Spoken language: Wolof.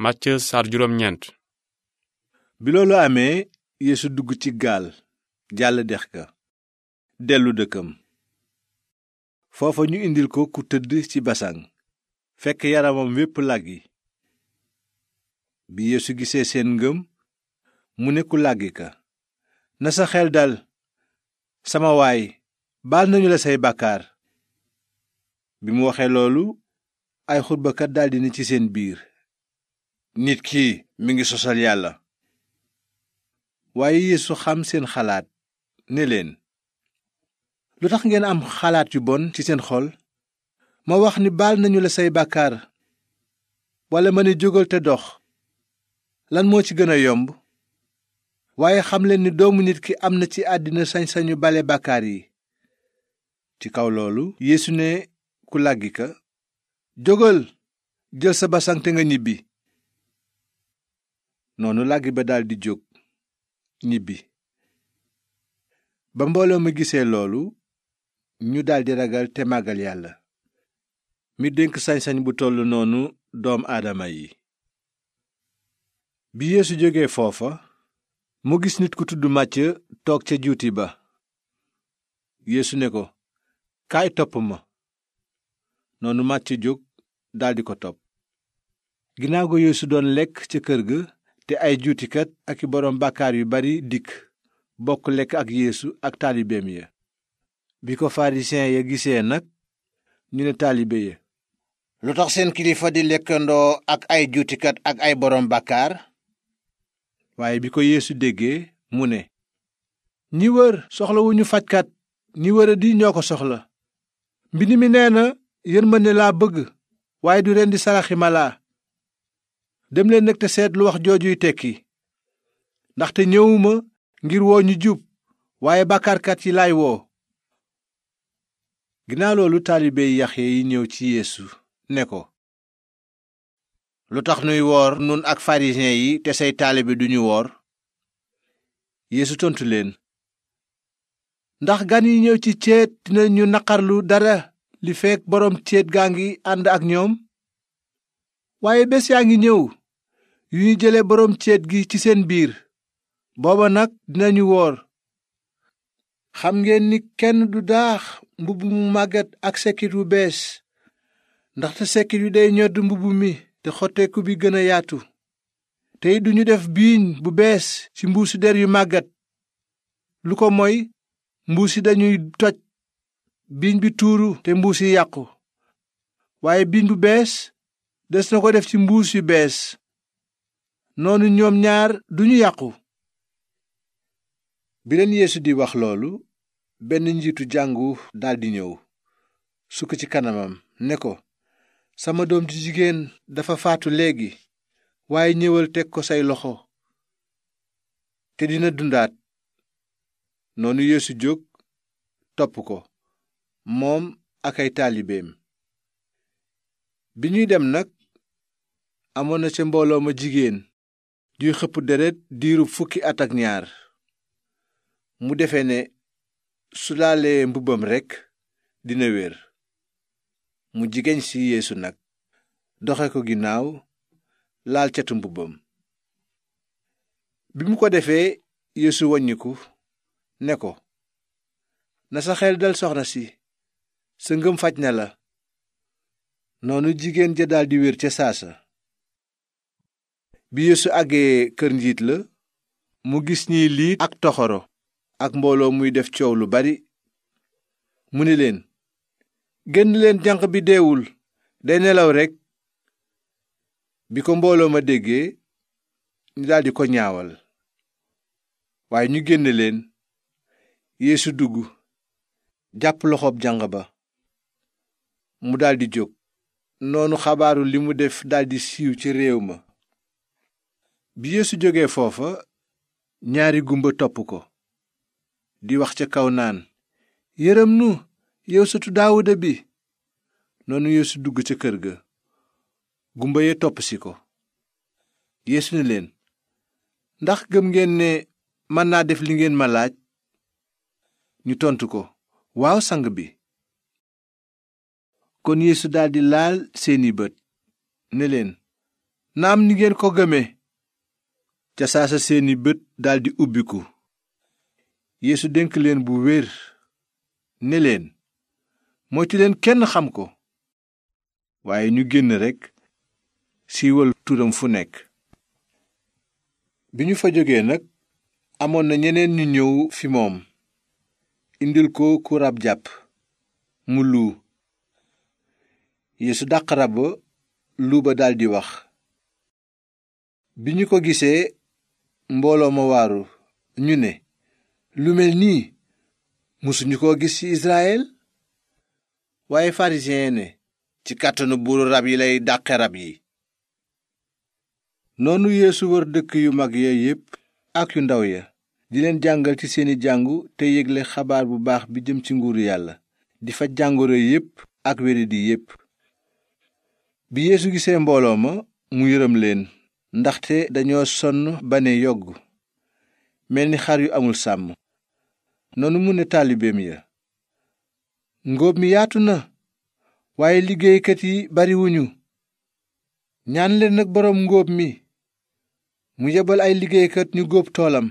Matthieu sar juróom bi loolu amee Yeesu dugg ci gaal jàll dex ka dellu dëkkam foofa ñu indil ko ku tëdd ci basaŋ fekk yaramam wépp làggi bi Yeesu gisee seen ngëm mu ne ku làggi ka na sa xel dal sama waay baal nañu la say bàkkaar bi mu waxee loolu ay xutbakat daldi ne ci seen biir nit ki mi ngi sosal yàlla waaye yeesu xam seen xalaat ne leen lu tax ngeen am xalaat yu bon ci seen xol ma wax ni baal nañu la say bàkkaar walla ma ne jógal te dox lan moo ci gën a yomb waaye xam leen ni doomu nit ki am na ci àddina sañ-sañu bale bàkkaar yi ci kaw loolu yeesu ne ku làggi ka jógal jël sa basang te nga ñibbi noonu làggi ba daldi jóg ñibbi ba mbooloo ma gisee loolu ñu daldi ragal te màggal yàlla mi dénk sañ-sañ bu toll noonu doom aadama yi bi yeesu jógee foofa mu gis nit ku tudd màcc toog ca juuti ba yeesu ne ko kaay topp ma noonu màcc jóg daldi ko topp ginnaaw ga yeesu doon lekk ca kër ga te ay juutikat ak i boroom bàkkaar yu bari dikk bokk lekk ak yeesu ak taalibeem ya bi ko farisiyen ya gisee nag ñu ne taalibe ya lu tax seen kilifa di lekkandoo ak ay juutikat ak ay boroom bàkkaar waaye bi ko yeesu déggee mu ne ñi wër soxlawuñu fajkat ñi wër a di ñoo ko soxla mbind mi nee na yërmande laa bëgg waaye du di saraxi malaa demleen nag te seet lu wax joojuy tekki ndaxte ñëwuma ngir woo ñu jub waaye bàkkaarkat yi lay woo ginnaaw loolu taalibe yax yi ñëw ci Yeesu ne ko lu tax nuy woor nun ak farisiyen yi te say taalibe duñu woor Yeesu tontu leen ndax gan yi ñëw ci ceet dinañu naqarlu dara li fekk boroom ceet gaa ngi ànd ak ñoom waaye bés yaa ngi ñëw yu ñu jële boroom céet gi ci seen biir booba nag dinañu woor xam ngeen ni kenn du daax mbubb mu màggat ak sekkit wu bees ndaxte sekkit yu day ñodd mbubb mi te xotteeku bi gën a yaatu tey duñu def biiñ bu bees ci mbuusu der yu màggat lu ko moy mbuus yi dañuy toj biiñ bi tuuru te mbuus yi yàqu waaye biiñ bu bees des na ko def ci mbuus yu bees noonu ñoom duñu yàqu bi leen yeesu di wax loolu benn njiitu jàngu daldi ñëw sukk ci kanamam ne ko sama doom ji jigéen dafa faatu léegi waaye ñëwal teg ko say loxo te dina dundaat noonu yéesu jóg topp ko moom ak ay taalibeem bi ñuy dem nag amoon na ca mbooloo ma jigéen juy xëpp deret diiru fukki at ak ñaar mu defe ne su laalee mbubbam rekk dina wér mu jigéen ci yéesu nag doxe ko ginnaaw laal catu mbubbam bi mu ko defee yeesu waññiku ne ko na sa xel dal soxna si sa ngëm faj na la noonu jigéen ja daldi wér ca saasa bi yeesu àggee kër njiit la mu gis ñiy liit ak toxoro ak mbooloo muy def coow lu bari mu ni leen génn leen janq bi deewul day nelaw rekk bi ko mbooloo ma déggee ñu daldi ko ñaawal waaye ñu génne leen yéesu dugg jàpp loxoob janq ba mu daldi jóg noonu xabaaru li mu def daldi siiw ci réew ma bi yeesu jóge foofa ñaari gumba topp ko di wax ca kaw naan yërëm nu yow sëtu daawuda bi noonu yeesu dugg ca kër ga gumba ye topp si ko yeesu ne leen ndax gëm ngeen ne mën naa def li ngeen ma laaj ñu tontu ko waaw sang bi kon yeesu daldi laal seeni bët ne leen naam ni ngeen ko gëme ca saa sa seeni bët daldi ubbiku yéesu dénk leen bu wér ni leen moytu leen kenn xam ko waaye ñu génn rekk siiwal turam fu nekk bi ñu fa jógee nag amoon na ñeneen ñu ñëw fi moom indil ko ku rab jàpp mu luu yéesu dàq ràbb ba ba daldi wax mbooloo ma waaru ñu ne lu mel nii mësuñu koo gis ci Israël waaye pharisien ne ci kàttanu buuru rab yi lay dàqe rab yi noonu yeesu wër dëkk yu mag ya yépp ak yu ndaw ya di leen jàngal ci seeni jàngu te yégle xabaar bu baax bi jëm ci nguuru yàlla di faj jàngoro yépp ak wéridi yépp bi yeesu gisee mbooloo ma mu yërëm leen ndaxte dañoo sonn ba ne yogg mel ni xar yu amul sàmm noonu mu ne taalibeem ya ngóob mi yaatu na waaye liggéeykat yi bariwuñu ñaanleen leen nag boroom ngóob mi mu yebal ay liggéeykat ñu góob toolam